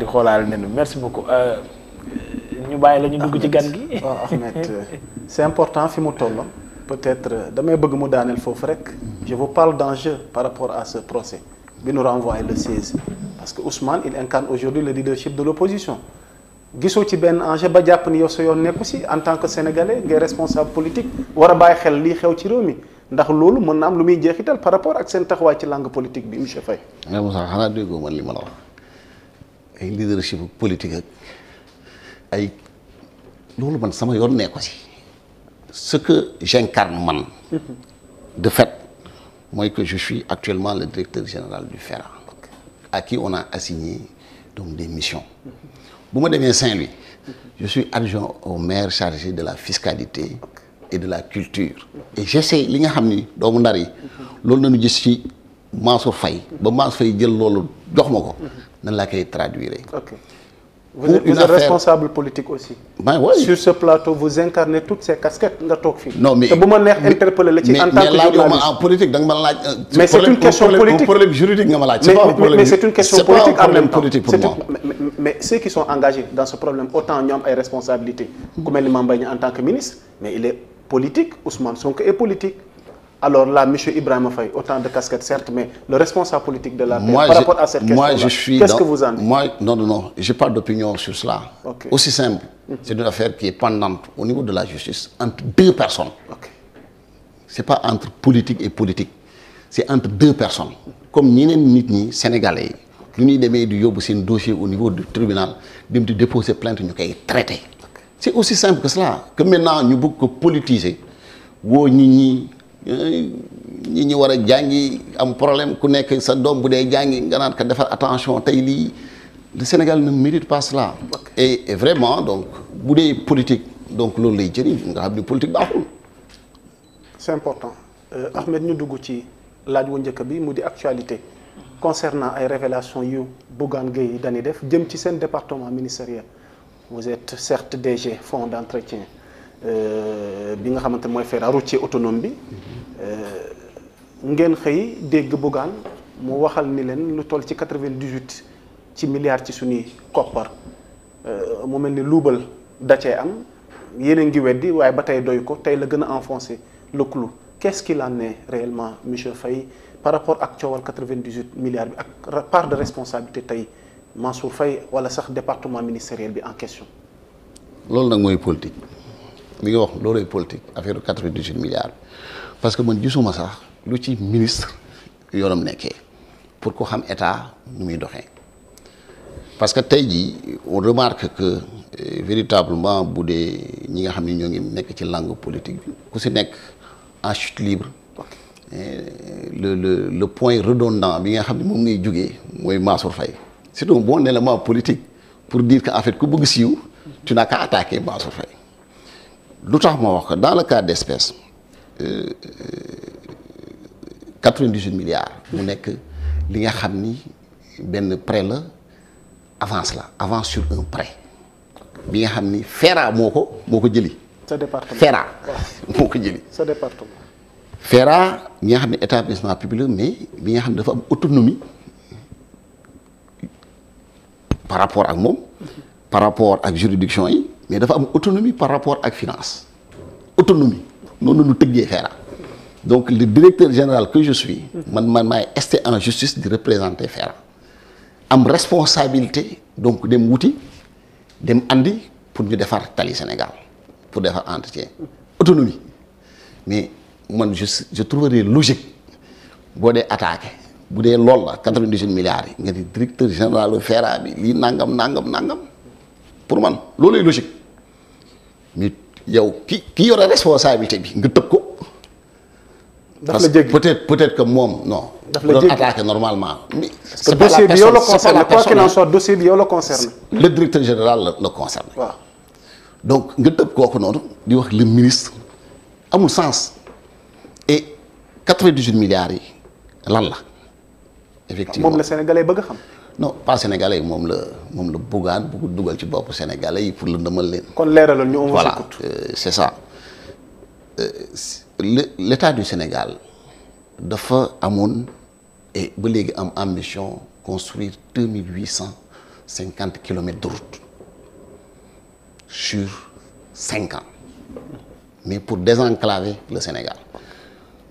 di xoolaale nen merci beaucoup euh, ñu bàyyi la ñu dugg ci gan gi. waaw Ahmed ah, euh, c'est important fi mu toll peut-être euh, damay bëgg mu daaneel foofu rek je vous parle d'enjeu par rapport à ce procès bi nu renvoyé le 16 parce que Ousmane il incarne aujourd'hui le leadership de l'opposition gisoo ci benn enjeu ba jàpp ni yow sa yoon nekku si en tant que sénégalais ngay responsable politique war a bàyyi xel lii xew ci réew mi ndax loolu mën na am lu muy jeexital par rapport ak seen taxawaay ci langue politique bi monsieur Faye. nga eh, Moussa ay leadership politique ak ay loolu man sama yoon nee ko si ce que j'incarne man de fait mooy que je suis actuellement le directeur général du FERA à qui on a assigné donc des mission bu ma demee Saint-Louis je suis adjoint au maire chargé de la fiscalité et de la culture et j'essaie li nga xam ni doomu ndar yi loolu nañu gis ci Mansour fay ba Mansour fay jël loolu jox ma ko nan laa koy traduire. ok vous êtes, vous êtes affaire... responsable politique aussi. Ben, ouais. sur ce plateau vous incarnez toutes ces casquettes nga toog fii. bu ma neex interpeller la ci en tant que journaliste en politique euh, nga ma laaj. mais c'est une question politique problème mais c'est une question politique en mais ceux qui sont engagés dans ce problème autant ñoom ay responsabilités. ku mel ni Mame en tant que ministre mais il est politique Ousmane Sonko est politique. alors là, M. Ibrahim Faye, autant de casquettes, certes, mais le responsable politique de la paix, moi, par rapport à cette question, qu'est-ce que vous en dites moi, Non, non, non, je n'ai pas d'opinion cela. Aussi simple, mhm. c'est une affaire qui est pendante au niveau de la justice entre deux personnes. Okay. Ce pas entre politique et politique, c'est entre deux personnes. Comme nous sommes Sénégalais, nous avons un dossier au niveau du tribunal, nous avons déposé plainte, nous avons traité. C'est aussi simple que cela, que maintenant nous pouvons politiser. Nous ñi ñi war a jàngi am problème ku nekk sa doom bu dee jàngi nga naan ko defar attention tey lii le Sénégal ne mérite pas cela et vraiment donc bu dee politique donc loolu lay jëriñ nga xam ni politique baaxul c'est important euh, Ahmed ñu dugg ci laaj wu njëkk bi mu di actualité concernant ay révélations yu Bougane Gueye Dany def jëm ci seen département ministériel vous êtes certes DG fonds d'entretien bi nga xamante mooy fer routier autonome bi euh, ngeen xëy dégg Bougane mu waxal ni leen lu toll ci quatre vingt dix ci milliards ci suñuy koppar euh, mu mel ni luubal da cee am yéen a ngi weddi waaye ba tey doy ko tey la gën a enfoncé le clou qu'est-ce qu'il en est réellement monsieur Faye par rapport ak coowal 98 milliards bi ak par de responsabilité tey Mansour Faye wala sax département ministériel bi en question. loolu nag mooy politique. mi ngi wax loolooy politique affaire quatre-vingt-dix-huit milliards parce que man gisuma sax lu ci ministre yoonam nekkee pour ko xam état nu muy doxee parce que tey jii on remarque que eh, véritablement bu dee ñi nga xam ne ñoo ngi nekk ci langue politique bi ku si nekk en chute libre eh, le le le point redondant bi nga xam ne moom ngay jógee mooy Mansour Faye c'est un bon élément politique pour dire que en ku bëgg siiw tu n'as qu'à attaquer Mansour Faye lu tax ma wax ko dans le cas d' espèce euh, quatre-vingt-dix-huit milliards. mu nekk li nga xam ni benn près la avance la avance sur un prêt bi nga xam ni FERA moo ko moo ko jëli. sa département FERA moo ko jëli. sa département. FERA ñi nga xam ne établissement public mais bi nga xam ne dafa am autonomie par rapport ak moom. par rapport ak juridiction yi. mais dafa am autonomie par rapport ak finance autonomie noonu nu tëggee Feera donc le directeur général que je suis man man maay esté en justice di représenter Feera am responsabilité donc dem wuti dem andi pour ñu defar tali Sénégal pour defar entretien autonomie mais man je je trouverais logique boo dee attaqué bu dee loolu la quatre-vingt-dix-huit milliards nga di directeur général Feera bi lii nangam nangam nangam pour man loolu logique ñu yow ki ki yore responsabilité bi nga tëb ko. daf la parce que peut-être peut-être que moom no daf la jéggi attaqué normalement. c'est pas la personne dossier bi yow la concerne quoi qu'il le directeur général la la concerne. donc nga tëb kooku noonu di wax le ministre amul sens et 98 milliards yi lan la. effectivement moom la sénégalais bëgg xam. non pas sénégalais moom la moom la buggaan bugg dugal ci boppu sénégalais yi pour la ndëmal leen. kon leeralal ñu amul voilà euh, c'est ça euh, l'état du Sénégal dafa amoon ba léegi am ambition construire deux mille huit cent cinquante kilomètres de route sur cinq ans mais pour désenclaver le Sénégal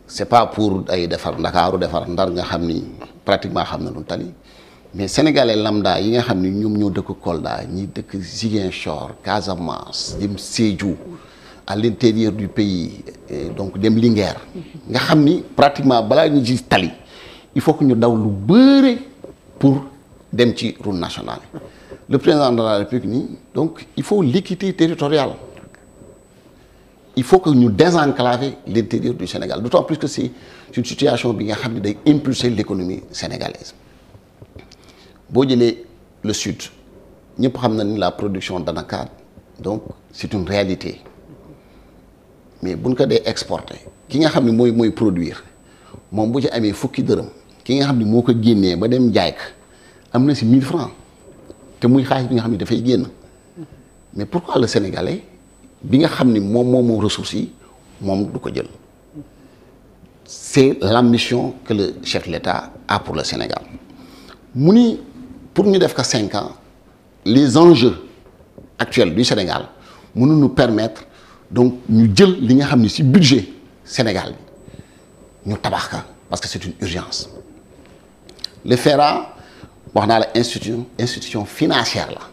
c'est pas pour ay defar Ndakaaru defar Ndar nga xam ni pratiquement xam na lu tali mais sénégalais lambda yi nga xam ne ñoom ñoo dëkk Kolda ñii dëkk Ziguinchor Casamance dem Sédhiou à l'intérieur du pays donc dem Linguère nga xam ni pratiquement balaa ñu gis tali il faut que ñu daw lu bëre pour dem ci route nationale le président de la République nii donc il faut l'équité territoriale il faut que ñu désenclaver l'intérieur du Sénégal d'autant plus que c'est une situation bi nga xam ne day impulser l'économie sénégalaise boo jëlee le sud ñëpp xam na ni la production d'anacarde donc c'est une réalité mais buñ ko dee exporté ki nga xam ne mooy mooy produire moom boo ci amee fukki dërëm ki nga xam ni moo ko génnee ba dem jaay ko am na si 1000 francs te muy xaalis bi nga xam ne dafay génn mais pourquoi le sénégalais bi nga xam ni moom moom moom ressources yi moom du ko jël c'est mission que le chef de l'État a pour le Sénégal pour ñu def ka cinq ans les enjeux actuels du Sénégal mënu ñu permettre donc ñu jël li nga xam ne ci budget Sénégal bi ñu tabax ka parce que c'est une urgence le FERA wax naa la institution institution financière la.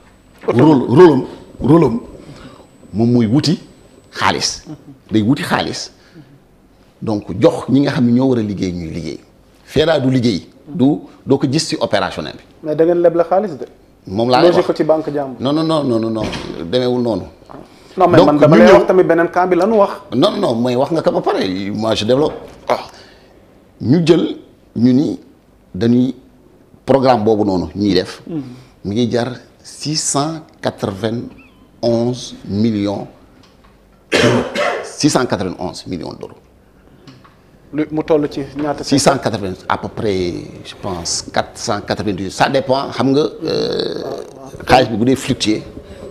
rôle rôle rôle moom mooy wuti xaalis. day wuti xaalis donc jox ñi nga xam ne ñoo war a liggéey ñuy liggéey. FERA du liggéey. du doo ko jis ci opérationnel bi. mais da ngeen leble xaalis de. moom laa lay wax ko ci banque jàmbur. non non non non non demeewul noonu. non man dama lay wax beneen camp bi la ñu wax. non non mooy wax nga ko ba pare moi je développe. Ah. ñu jël ñu ni dañuy programme boobu noonu ñuy def. Mm-hmm. mi ngi jar six cent quatre vingt onze millions six cent quatre vingt mu toll ci ñaata. 680 à peu près je pense cent 498 ça dépend xam nga euh, xaalis bi bu dee fluctuer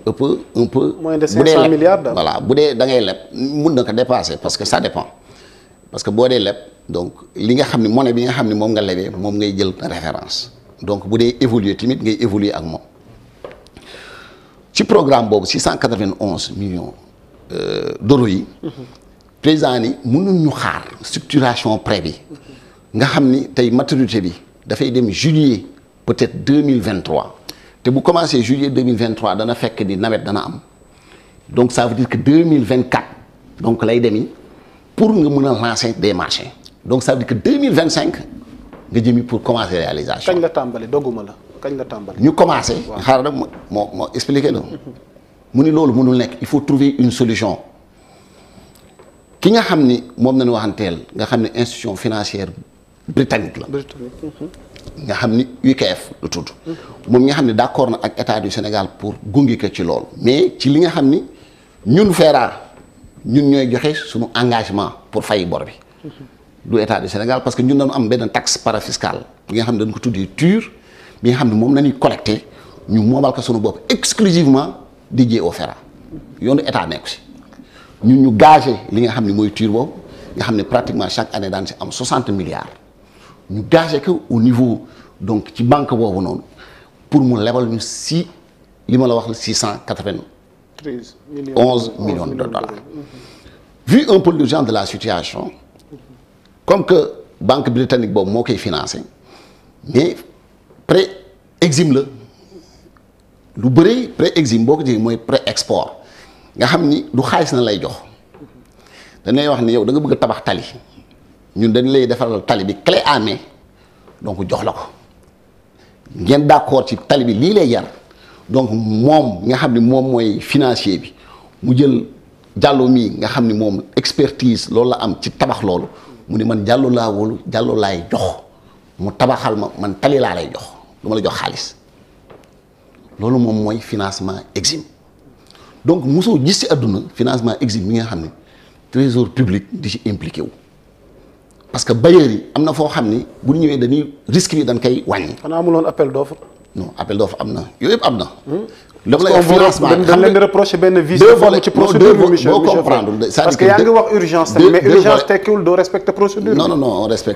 un peu un peu. moins de 500 milliards daal bu dee dangay ngay leb mun na ko dépasser parce que ça dépend parce que boo dee leb donc li nga xam ne monnaie bi nga xam ne moom nga lebee moom ngay jël référence donc bu dee évoluer tamit ngay évoluer ak moom ci programme boobu cent 691 millions euh, d'euros yi. Mhm. paysans yi ñu xaar structuration pré bi nga xam ni tey maturité bi dafay dem juillet peut-être deux mille vingt trois te bu commencé juillet deux mille vingt dana fekk ni nawet dana am donc ça veut dire que mille vingt quatre donc lay demi pour nga mën a lancer des marchés donc ça veut dire que deux mille vingt cinq nga jëmi pour commencer réalisation. kañ la tàmbali dogguma la kañ la tàmbali. ñu commencé. xaaral rek moo moo expliqué la mu ni loolu mënul nekk il faut trouver une solution. ki nga xam ni moom nañu waxanteel nga xam ne institution financière britannique la mhm. nga xam ni UKF lu tudd moom nga xam ne d'accord na ak état du Sénégal pour gungi ko ci loolu mais ci li nga xam ni ñun feeraa ñun ñooy joxe suñu engagement pour fay bor bi mhm. du état du Sénégal parce que ñun dañu am benn taxe parafiscale nga xam ne dañ ko tuddee TUR bi nga xam ne moom la ñuy collecté ñu moom ko suñu bopp exclusivement di jee au yoonu état nekku si ñu ñu gagé li nga xam ne mooy TUR boobu nga xam ne pratiquement chaque année daan si am 60 milliards ñu gagé ko au niveau donc ci banque boobu noonu pour mu lebal ñu si li ma la wax la 693 11 millions de dollars vu un peu l'urgence de la situation comme que banque britannique boobu moo koy financé mais prêt exim la lu bëri prêt exim boo ko mooy prêt export nga xam ni du xaalis na lay jox dañuy wax ni yow da nga bëgg a tabax tali ñun dañ lay defaral tali bi clé en donc jox la ko ngeen d'accord ci tali bi lii lay jar donc moom nga xam ni moom mooy financier bi mu jël jàll mii nga xam ni moom expertise loolu la am ci tabax loolu mu ni man jàllo laa wóolu jàllo laay jox mu tabaxal ma man tali laa lay jox du ma la jox xaalis loolu moom mooy financement exim donc mosoo gis ci adduna financement exim mi nga xam ne trésor public di ci impliqué wu parce que bailleurs yi am na foo xam ni bu ñëwee dañuy risque bi dañ koy wàññi. xanaa amuloon appel d'offre. non appel d'offre am na yooyu yëpp am na. Hmm? dama lay wax financement xam benn vice de forme ci procédure bi monsieur boo comprendre parce que yaa doo respecte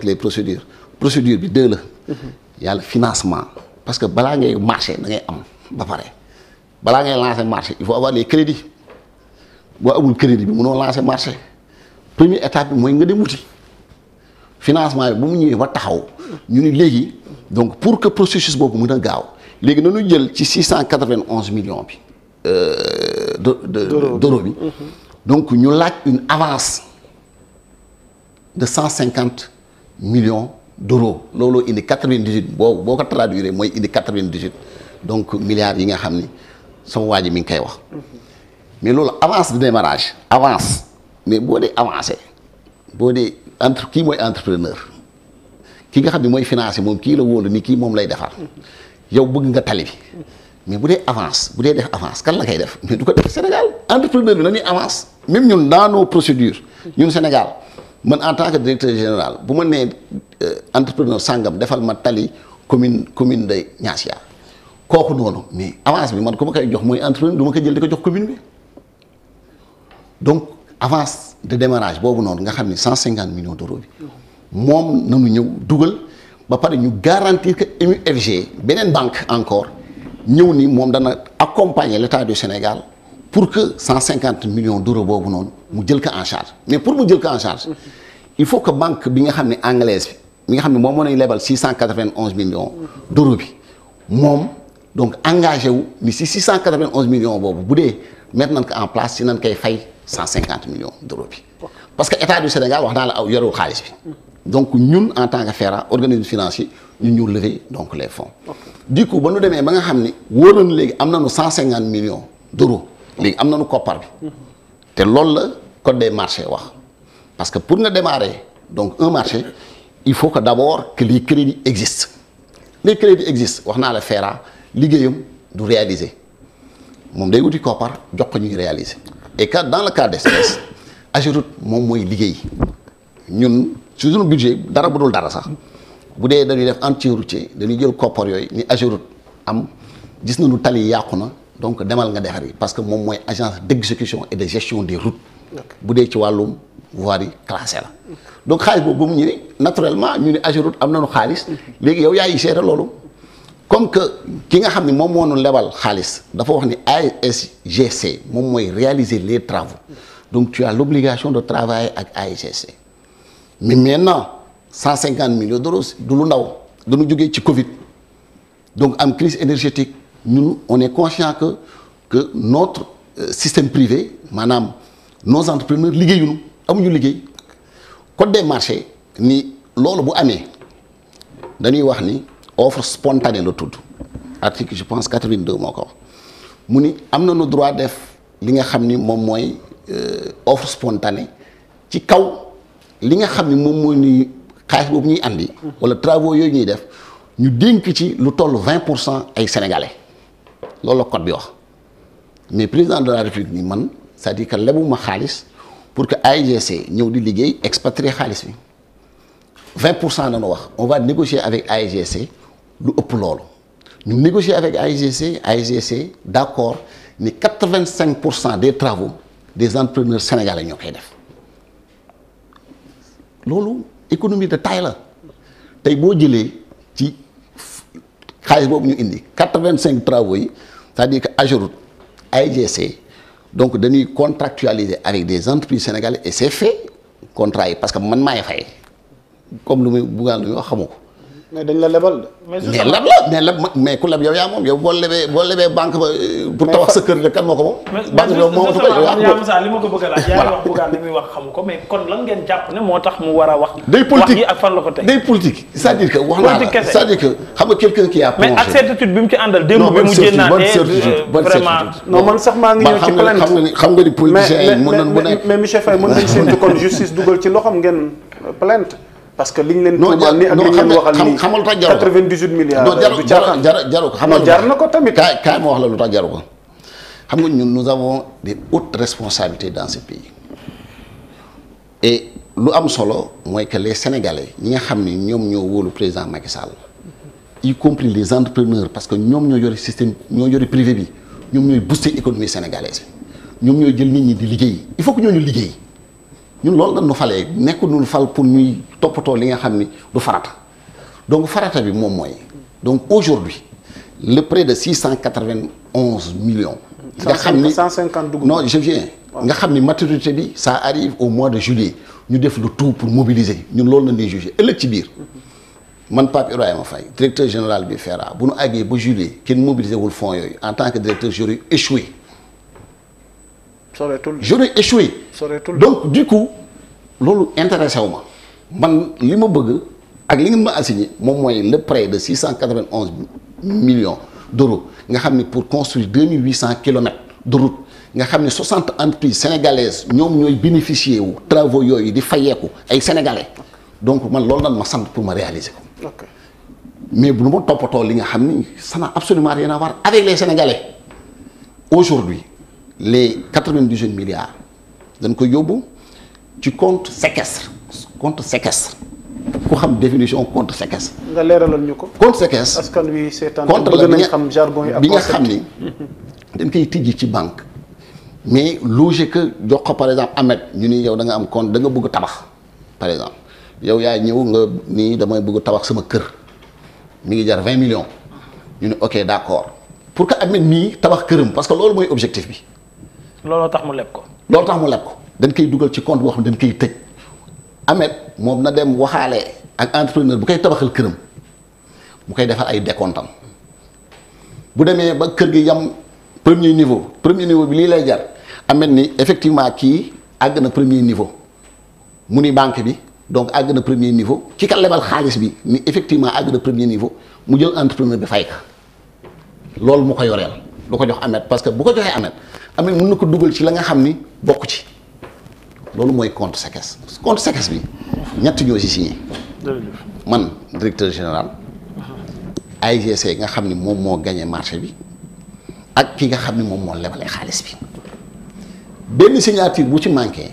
les bi deux la. Mhm. yàlla financement parce que balaa ngay marché da ngay am ba pare. balaa ngay lancer marché il faut avoir les crédit boo amul crédit bi mënoo lancer marché première étape bi mooy nga dem wuti financement bi bu mu ñëwee ba taxaw ñu ni léegi donc pour que processus boobu mën a gaaw léegi nañu jël ci six cent quatre-vingt-onze millions bi euh, d'euros bi mm-hmm. donc ñu laaj une avance de cent cinquante millions d'euros looloo indi quatre-vingt-dix-huit boo boo ko traduire mooy indi quatre-vingt-dix-huit donc milliards yi nga xam ni sama waa ji mi ngi koy wax mais loolu avance de démarrage avance mais boo dee avancé boo dee entre kii mooy entrepreneur ki nga xam ni mooy financé moom kii la wóolu ni kii moom lay defar yow bëgg nga tali bi mais bu dee avance bu dee def avance kan la koy def mais du ko def Sénégal entrepreneur bi nañuy avance même ñun dans nos procédures ñun Sénégal man en tant que directeur général bu ma nee euh, entrepreneur sàngam defal ma tali commune commune de Niassia kooku noonu mais avance bi man ku ma koy jox mooy entrepreneur du ma ko jël di ko jox commune bi donc avance de démarrage boobu noonu nga xam ne cent cinquante millions d'euros bi moom nanu ñëw dugal ba pare ñu garantir que MUFG beneen banque encore ñëw ni moom dana accompagner l'État du Sénégal pour que cent cinquante millions d'euros boobu noonu mu jël ko en charge pour mu jël ko en il faut que banque bi nga xam ne anglaise mi nga xam ne moom moo lay lebal six cent quatre-vingt-onze millions d'euros bi moom donc engagé wu ni si 691 million boobu bu dee mettre nañ ko en place si nañ koy fay 150 millions d'euros bi parce que état du Sénégal wax naa la aw yorul xaalis bi donc ñun en tant que FERA organisme financier ñu ñu lever donc les fonds du coup ba nu demee ba nga xam ni wóor nañu léegi am cent 150 millions d'euros léegi am na nañu koppar bi te loolu la code des marché wax parce que pour nga démarrer donc un marché il faut que d'abord que les crédits existent les crédits existent wax naa la FERA liggéeyam du réaliser moom day wuti koppar jox ko ñuy réaliser et que dans le cas d'espèce Ageroute moom mooy liggéey ñun su suñu budget dara bu dul dara sax bu dee dañuy def entretien routier dañuy jël koppar yooyu ni Ageroute am gis nañu tali yi yàqu na donc demal nga defar yi parce que moom mooy agence d'exécution et de gestion des routes bu dee ci wàllum voirie classée la donc xaalis boobu ba ñu ñëwee naturellement ñu ni Ageroute am na nañu xaalis mhm. léegi yow yaa yi seeta loolu comme que ki nga xam ne moom moo nu lebal xaalis dafa wax ni ASGC moom mooy réaliser les travaux donc tu as l'obligation de travailler ak ASGC mais maintenant cent cinquante millions d'euros du lu ndaw dañu jógee ci Covid donc am crise énergétique ñun on est conscient que que notre euh, système privé maanaam nos entrepreneurs liggéeyuñu amuñu liggéey code des marchés ni loolu bu amee dañuy wax ni offre spontanée la tudd article je pense 82 moo ko mu ni am nañu droit def li nga xam ni moom mooy euh, offre spontanée ci kaw li nga xam ni moom mooy ni xaalis boobu ñuy andi. wala travaux yooyu ñuy def ñu dénk ci lu toll 20 pour cent ay sénégalais loolu la code bi wax mais président de la république ni man c'est-à-dire que lebuma xaalis pour que AIGC ñëw di liggéey expatrier xaalis bi 20 pour cent dañu wax on va négocier avec AIGC. lu ëpp loolu ñu négocier avec AIGC AIGC d' accord ni quatre vingt cinq pour cent des travaux des entrepreneurs sénégalais ñoo koy def loolu économie de taille la tey boo jëlee ci xaalis boobu ñu indi quatre vingt cinq travaux yi c' est à dire que Ageroute AIGC donc dañuy contractualiser avec des entreprises sénégalaises et c' fait contrat yi parce que man maay fay comme lu muy buggaan lu ñoo xamu ko mais dañ la lebal de. mais su la mais leb mais ku leb yow yaa moom yow boo lebee banque ba euh, pour tabax sa kër de kan moo ko moom. banque yow yaa ko li ma ko bëgg a laaj. voilà yaa wax wax xamu ko mais kon lan ngeen jàpp ne moo tax a wax. day politique wax yi ak fan la ko teg day politique. c'est-à-dire wax naa la c'est-à-dire xam nga quelqu'un qui a plongé mais ak certitude mu ci àndal démb bi mu ne eh, euh, vraiment non man sax maa ngi ñëw ci ci loxam ngeen euh, plainte parce que li liñ leen. tuumaal ni ak liñ leen waxal nii xamal tax jaru ko 98 milliards. du jaru ko xamal jar na ko tamit. kaay kaay ma wax la lu tax jaru ko xam nga ñun nous avons des hautes responsabilités dans ce pays et lu am solo mooy que les sénégalais ñi nga xam ni ñoom ñoo wóolu président Macky Sall. y compris les entrepreneurs parce que ñoom ñoo yore système ñoo yore privé bi ñoom ñooy booster économie sénégalaise ñoom ñooy jël nit ñi di liggéey il faut que ñooñu liggéey. ñun loolu dañ nu falee nekkul ñu fal pour ñuy toppatoo li nga xam ni du farata donc farata bi moom mooy donc aujourd'hui le près de six cent quatre-vingt-onze million nga xam ni cent cinquante dugub non je nga xam ni maturité bi ça arrive au mois de juillet ñu def le tout pour mobiliser ñun loolu la ñuy jugé ëllëg ci biir. man Pape a Faye directeur général bi FERA bu nu àggee ba juillet kenn mobilisé wul fonds yooyu en tant que directeur j'aurais échoué. soreetul j'aurais échoué. soreetul donc du coup loolu intéressé wu ma man li ma bëgg ak li ngeen ma assigné moom mooy le prêt de six cent quatre vingt onze millions d'euros nga xam ne pour construire deux mille huit cent kilomètres de nga xam ne soixante entreprises sénégalaises ñoom ñooy bénéficier wu travaux yooyu di fayeeku ay sénégalais donc man loolu nan ma sant pour ma réaliser ko. ok mais bu ma toppatoo li nga xam ni sana n'a absolument rien à voir avec les sénégalais aujourd'hui les quatre-vingt-dix-huit milliards dañ ko yóbbu ci compte séquestre compte séquestre ku xam définition compte séquestre. nga ñu ko. compte séquestre askan wi seetaan compte la bi nga xam jargon yi bi nga xam ni dañ koy tijji ci banque. mais logique jox ko par exemple Ahmed ñu ni yow da nga am compte da nga bëgg tabax par exemple yow yaa ñëw nga nii damay bugg tabax sama kër mu ngi jar vingt millions ñu ne ok d'accord pour que Ahmed nii tabax këram parce que loolu mooy objectif bi. looloo tax mu leb ko. looloo tax mu leb ko dañ koy dugal ci compte boo xam ne dañ koy tëj Ameth moom na dem waxaale ak entrepreneur bu koy tabaxal këram mu koy defal ay décomptam bu demee ba kër gi yam premier niveau premier niveau bi lii lay jar Ameth ni effectivement kii àgg na premier niveau mu ni banque bi donc àgg na premier niveau ki ka lebal xaalis bi ni effectivement àgg na premier niveau mu jël entrepreneur bi fay ka loolu mu ko yoreel du ko jox Ameth parce que bu ko joxee Ameth amee mën na ko dugal ci la nga xam ni bokk ci loolu mooy compte séquestre compte séquestre bi ñett ñoo si signé man directeur général AIGC nga xam ni moom moo gañee marché bi ak ki nga xam ni moom moo lebalee xaalis bi benn signature bu ci manqué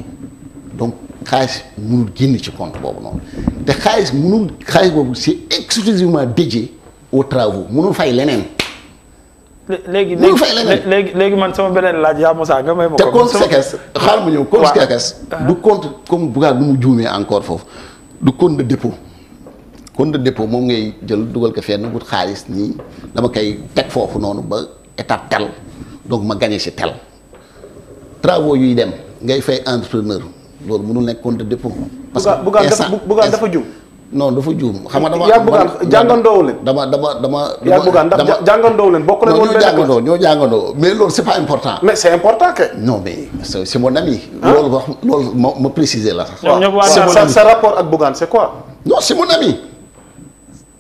donc xaalis mënul génn ci compte boobu noonu te xaalis mënul xaalis boobu c'est exclusivement dédié aux travaux mënul fay leneen léegi léegi léegi man sama beneen laaj yaa Moussa nga may ma ko. te contre séquestre xaaral ma ñëw contre séquestre ah. du compte comme Bougane nu mu juumee encore foofu du compte de dépôt compte de dépôt moom ngay jël dugal ko fenn wut xaalis nii dama koy teg foofu noonu ba étape tel donc ma gagné si tel travaux yuy dem ngay fay entrepreneur loolu mënul nekk compte de dépôt. parce que Bougane dafa Bougane non dafa juum xam nga dama. yaa bugaan jàngandoo leen. dama dama dama. yaa bugaan ndax jàngandoo leen bokk leen woon benn jàngandoo ñoo jàngandoo mais loolu c' est pas important. mais c' important que. non mais c' mon ami. loolu wax loolu ma ma préciser la. waaw sa rapport ak bugaan c' est quoi. non c' est mon ami.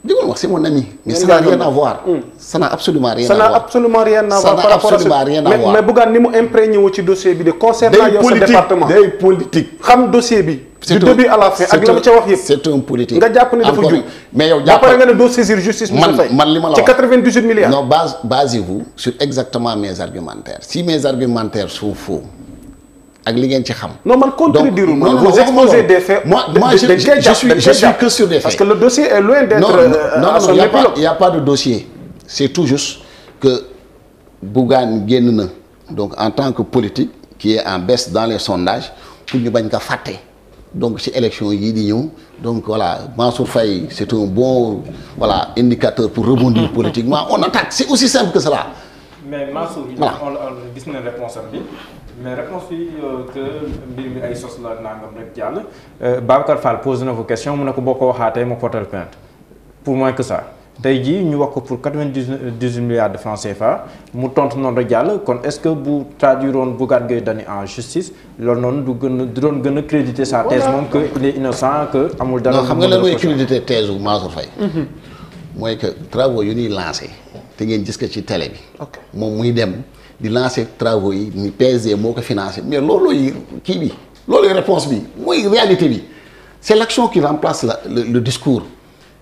di nga wax c' mon ami. mais ça n' a rien à voir. Hmm. ça n' a absolument rien à voir. a absolument rien à voir par rapport à mais mais bugaan ni mu xam dossier bi. du début à la fin ak c'est mais yow jàpp nga ne doo saisir justice man man li ma la wax ci 98 milliards non base basez si mes argumentaires sont faux ak li ngeen ci xam. non man contredire ma des faits. moi moi que sur euh, y a pas de dossier. c'est tout juste que Bougane génn na donc en tant que politique qui est en baisse dans les sondages pour ñu bañ ko fàtte. donc ci élection yii di ñëw donc voilà Mansour Faye c'est un bon voilà indicateur pour rebondir politiquement on attaque c'est aussi simple que cela. mais Mansour. voilà gis nañ réponse bi mais réponse bi euh, que mbir ay sos la nangam rek jàll. Euh, Babacar Fall pose na ko question mu ne ko boo ko waxaatee ma porter plainte pour moins que ça. tey jii ñu wax ko pour quatre-vingt-dix-huit milliards de francs CFA mu tontu noonu rek jàll kon est-ce que bu traduiroon Bougane Gueye Dany en justice loolu noonu du gën a du doon gën a crédité sa thèse moom que il est innocent que amul dara. xam mooy crédité thèse bu Mansour Faye. Mhm. te ngeen gis ko ci télé bi. moom muy dem di lancé travaux yi ni PSG moo ko financé mais loolooy kii bi loolooy réponse bi mooy réalité bi c'est l'action qui la le discours.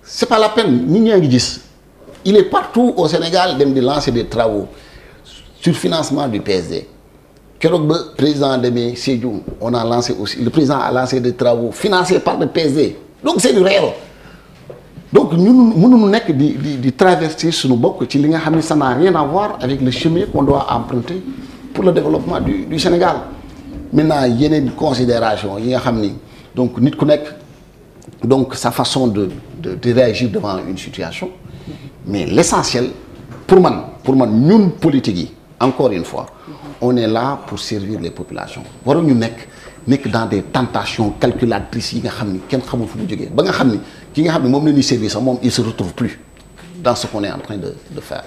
c'est pas la peine ñi ñaa ngi gis il est partout au Sénégal dem di lancer des travaux sur financement du PSD keroog ba président demee Sédhiou on a lancé aussi le président a lancé des travaux financés par le PSD donc c'est du réel donc ñun mënuñu nekk di di di traverser suñu bokk ci li nga xam ne ça n'a rien à voir avec le chemin qu'on doit pour le développement du du Sénégal maintenant yeneen considération yi nga xam ni donc nit ku nekk donc sa façon de, de de réagir devant une situation mais l'essentiel pour man pour man ñun politique yi encore une fois on est là pour servir les populations waruñu nekk nekk dans des tentations calculatrices yi nga xam ni kenn xamul fu mu jógee ba nga xam ni ki nga xam ni moom la ñuy servir sax moom il se retrouve plus dans ce qu'on est en train de de faire.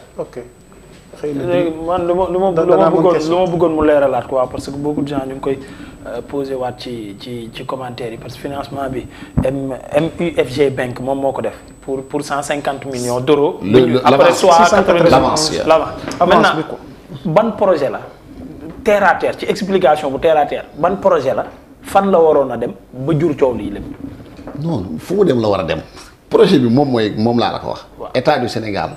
xëy euh, man lu ma lu ma bëggoon lu ma bëggoon mu leeralaat quoi parce que beaucoup de gens ñu ngi koy euh, posé waat ci ci ci commentaire yi parce que financement bi M MUFG Bank moom moo ko def pour pour cent cinquante millions d'euros. la soit l'avance maintenant ban projet la terre ci explication bu terre ban projet la fan la waroon a dem ba jur coow lii lépp. non fu dem la war a dem projet bi moom mooy moom laa la ko wax. état du Sénégal.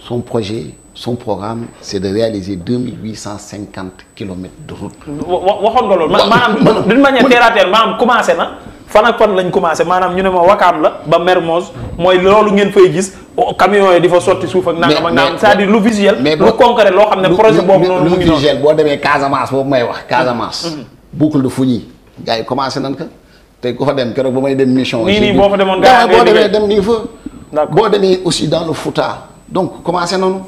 son projet son programme c' est de réaliser deux mille huit cent cinquante kilomètres de route. waxoon nga loolu. maanaam d'une manière terre à terre maanaam commencé na. fan ak fan lañ commencé maanaam ñu ne ma wakaam la ba Mermoz mooy loolu ngeen fay gis oh, camion yi di fa sotti suuf ak. nangam ak nangam c'est-à-dire lu visuel. lu concret loo xam ne projet boobu noonu. mu ngi noonu lu visuel boo demee Casamance boobu may wax Casamance. Mm-hmm. boucle de Fougni gars yi commencé nan ko te ku fa dem keroog ba may dem mission. nii nii boo fa demoon gars yi boo demee dem nii fa. boo demee aussi dans le Fouta. donc commencé noonu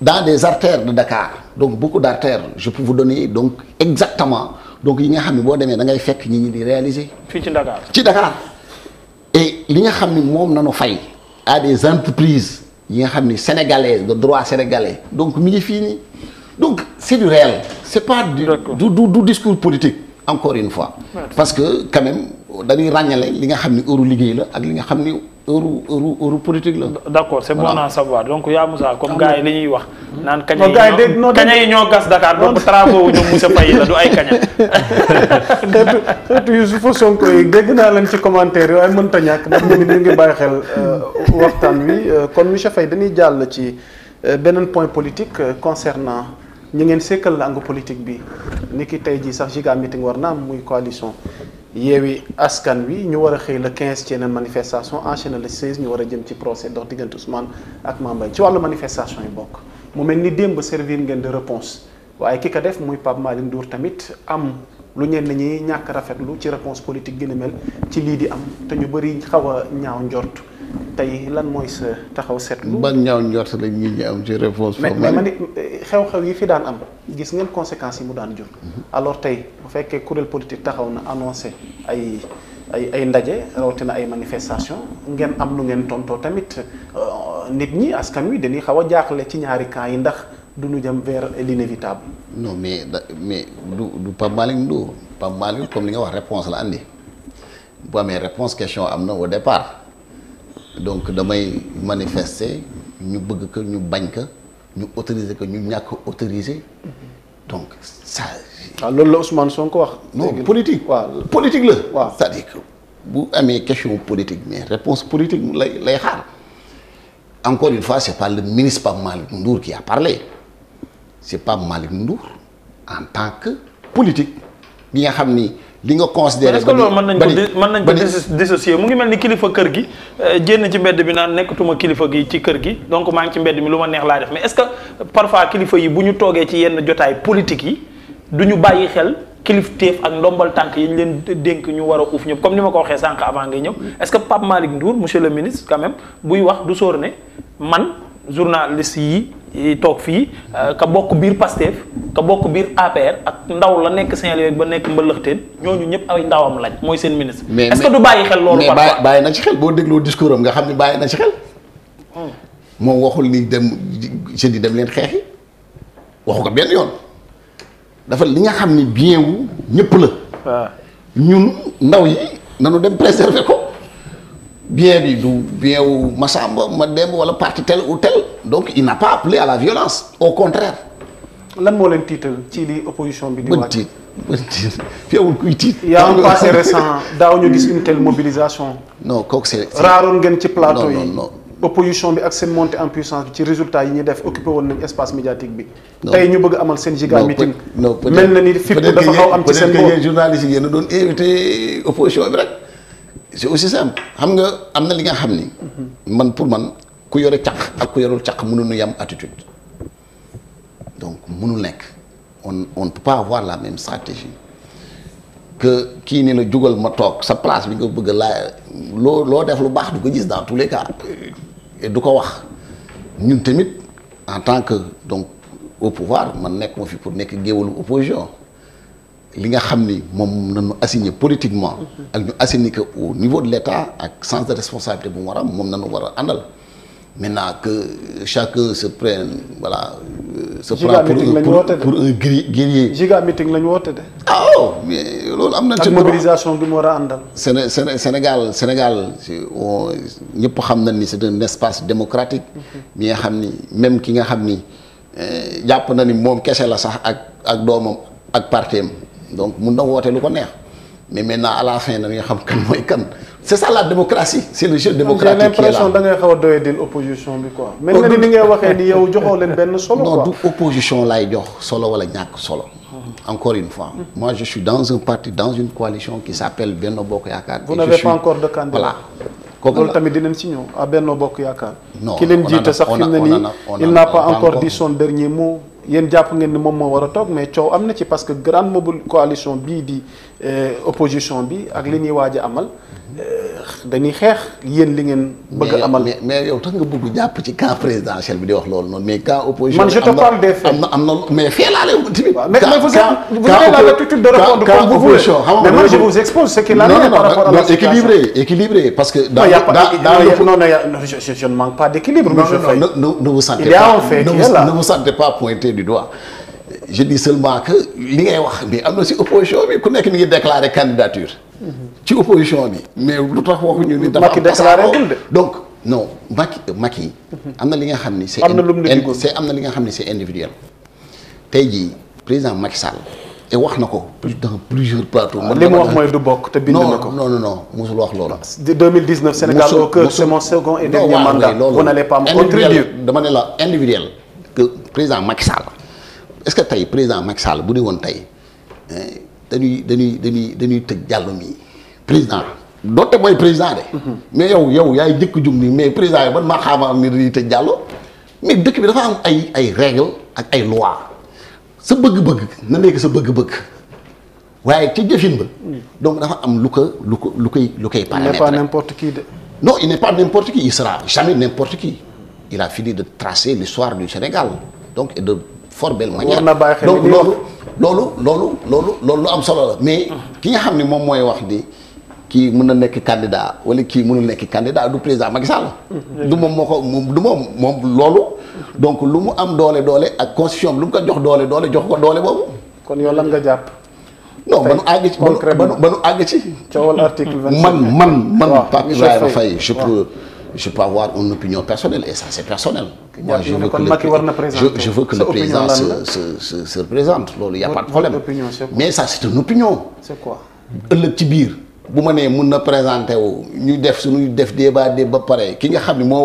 dans des artères de Dakar donc beaucoup d'artères je peux vous donner donc exactement donc yi nga xam ne boo demee da ngay fekk ñi ñi di réaliser. fii ci Dakar ci Dakar. et li nga xam ni moom nanu fay à des entreprises yi nga xam ni sénégalaises de droit sénégalais donc mi ngi fii nii donc c'est du réel c'est pas du du discours politique encore une fois. parce que quand même ràññale li nga xam ni heure liggéey la ak li nga xam ni. heure heure heure politique la. d' accord c' est bon à savoir donc yaa Moussa comme gars li ñuy wax. Hmm? naan kaña yi ñoo gas Dakar donc travaux ñoom Moussa Faye la du ay kaña. xeetu xeetu Youssoupha Sonko yi dégg naa leen ci commentaire yi waaye mënta ñàkk ndax ñu ngi ñu ngi bàyyi xel euh, waxtaan wi euh, kon monsieur Faye dañuy jàll ci euh, beneen point politique concernant ñu ngeen sekkal la langue politique bi ni ki tey jii sax giga meeting war na am muy coalition. yeewi askan wi ñu war a xëy le 15 ci yeneen manifestation enchaîné le 16 ñu war a jëm ci procès dox diggante Ousmane ak Mame Mbaye ci wàllu manifestation yi bokk mu mel ni démb servir ngeen de réponse waaye ki ko def muy Pape Malick Ndour tamit am lu ñenn ñi ñàkk rafetlu ci réponse politique gën a mel ci lii di am te ñu bëri xaw ñaaw njort tey lan mooy sa taxaw seetlu. ban ñaaw njort la ñu ñi am ci réponse. mais mais man eh, xew-xew yi fi daan am gis ngeen conséquence yi mu daan jur. alors tey bu fekkee kuréel politique taxaw na annoncé ay ay ay ndaje na ay manifestation ngeen am lu ngeen tontoo tamit euh, nit ñi askan wi dañuy xaw a jaaxle ci ñaari camps yi ndax du ñu jëm vers l'inévitable. non mais da du du Pape Malick Ndour Pape Malick comme li nga wax réponse la andi bu amee réponse question am na au départ. donc damay manifeste ñu bëgg ko ñu bañ ko ñu autoriser ko ñu ñàkk autoriser donc ça. waaw ah, loolu la Ousmane ko wax. non politique waaw politique la. waaw cest que bu amee question politique mais réponse politique lay lay xaar encore une fois c'est pas le ministre Pape Malick Ndour qui a parlé c'est Pape Malick Ndour en tant que politique bi nga xam ni. di nga considéré. mën nañ ko mën nañ ko dissocier mu ngi mel ni kilifa kër gi jénn eh, ci mbedd bi naan nekkatuma kilifa gi ci kër gi donc maa ngi ci mbedd mi lu ma neex laa def mais est que parfois kilifa yi bu ñu toogee ci yenn jotaay politique yi du ñu bàyyi xel kilifteef ak ndombal tànk yi ñu leen dénk ñu war a uuf ñëpp comme ni ma ko waxee sànq avant ngay ñëw est-ce que Pape Malick Ndour monsieur le ministre quand même buy wax du soor ne man journaliste yi. toog fii euh, ka bokk biir Pastef ka bokk biir affaire ak ndaw la nekk Saint-Louis ba nekk Mbëlëxteen ñooñu ñëpp ay ndawam lañ mooy seen ministre. mais est-ce que du bàyyi xel loolu. parfois bàyyi na ci xel boo dégloo am ne bàyyi na ci xel. Hmm. moom waxul ni dem je di dem leen xeexi waxu ko benn yoon dafa li nga xam ni bien wu ñëpp la. waaw ñun ndaw yi nanu dem préserver ko. bien bi du bien wu Massamba ma demb wala parti tel ou tel donc il n'a pas appelé à la violence au contraire. lan moo leen tiital ci li opposition bi. di waaj bën tiit bën tiit feewul kuy tiit. y a daaw ñu gis une telle mobilisation. non kooku c'est raaroon ngeen ci plateau yi non non non. opposition bi ak seen montée en puissance bi ci résultat yi ñuy def occupé médiatique bi. tey ñu bëgg amal seen giga meeting. mel na ni fipp dafa seen bopp peut-être que yéen journalistes yi yéen a doon rek. c'est aussi simple xam nga am na li nga xam ni. man pour man ku yore caq ak ku yorul caq mënuñu yam attitude donc mënul nekk on on peut pas avoir la même stratégie que kii ni la jugal ma toog sa place bi nga bëgg laa loo loo def lu baax du ko gis dans tous les cas du ko wax ñun tamit en tant que donc au pouvoir man nekk ma fi pour nekk géwalu opposition. li nga xam ni moom nañu assigné politiquement. ak ñu assigné que niveau de l' état ak sens de responsabilité bu mu war a moom moom nañu war a àndal maintenant que chacun se prenne voilà. Euh, se prend pour un pour un guerrier. Ah oh, loolu am na. ci mobilisation bi mu war a àndal. Séné Sénégal Sénégal ñëpp xam nañ ni c' est un espace démocratique. mi mhm. nga xam ni même ki nga xam ni eh, jàpp na ni moom kese la sax ak ak doomam ak parteem donc mun na woote lu ko neex mais maintenant à la fin dañuy xam kan mooy kan c'est ça la démocratie c'est le jeu démocratique. j'ai xaw a doyee di opposition bi quoi. mel oh, na ni ni ngay waxee ni yow joxoo leen benn solo quoi. opposition laay jox solo wala ñàkk solo. Mhm. encore une fois. moi je suis dans un parti dans une coalition qui s'appelle Benno Bokk Yaakaar. vous n'avez pas encore de candidat voilà. kooku loolu tamit si ñëw à ah, Benno Bokk Yaakaar. non ki leen jiite sax fi n'a yéen jàpp ngeen ni moom moo war a toog mais coow am na ci parce que grande mobile coalition bii di euh, opposition bi ak li ñuy waaj a amal euh, dañuy xeex yéen li ngeen. bëgg a amal mais mais tax nga bëgg jàpp ci camp présidentiel bi di wax loolu noonu mais camp opposition. man je te parle équilibré équilibré parce que. dans non non je ne manque pas d'équilibre. du doigt je dis seulement que li ngay wax mais am na si opposition bi ku nekk mi ngi déclarer candidature. ci opposition bi. mais lu tax waxuñu ni. dafa am tasaaroo donc non Macky Macky. am na li nga xam ni c'est. am na lum am na li nga xam ni c'est individuel. tey jii président Macky Sall. et wax na ko dans plusieurs plateaux. li mu wax mooy du bokk te bind na ko non non non musul wax loolu. 2019 Sénégal au cœur c'est mon second et dernier mandat. vous n'allez pas me contredire dama ne la individuel. que président Macky Sall est-ce que tey président Macky Sall bu ne woon tey dañuy dañuy dañuy dañuy tëj jàll mi président doonte mooy président de. mais yow yow yaay jëkk jug nii mais président yi ban maa xaamaa am ni dañuy tëj jàll mais dëkk bi dafa am ay ay règle ak ay loi sa bëgg-bëgg na nekk sa bëgg-bëgg waaye ca jëfin ba. donc dafa am lu ko lu ko lu koy lu koy. paramètre il n'est pas n'importe qui de. non il n'est pas n'importe qui il jamais n'importe qui. il a fini de tracer l'histoire du Sénégal donc et de fort belle manière donc loolu loolu loolu loolu loolu lu am solo la mais ki nga xam ne moom mooy wax di kii mën na nekk candidat wala kii mënul nekk candidat du président Macky Sall mm-hmm. du moom ko moom du moom moom loolu donc lu mu am doole doole ak constitution bi lu mu ko jox doole doole jox ko doole boobu kon yow lan nga jàpp non ba nu àgg ci ba nu àgg ci coowal article 27 man man man Pape Ibrahima Faye je peux je peux avoir une opinion personnelle et ça c'est personnel. moi je veux que le je, se représente loolu y pas de problème. mais ça c'est une opinion. ëllëg ci biir bu ma nee mun na présenter ñu def suñu def débat ba pare ki nga xam ne moo.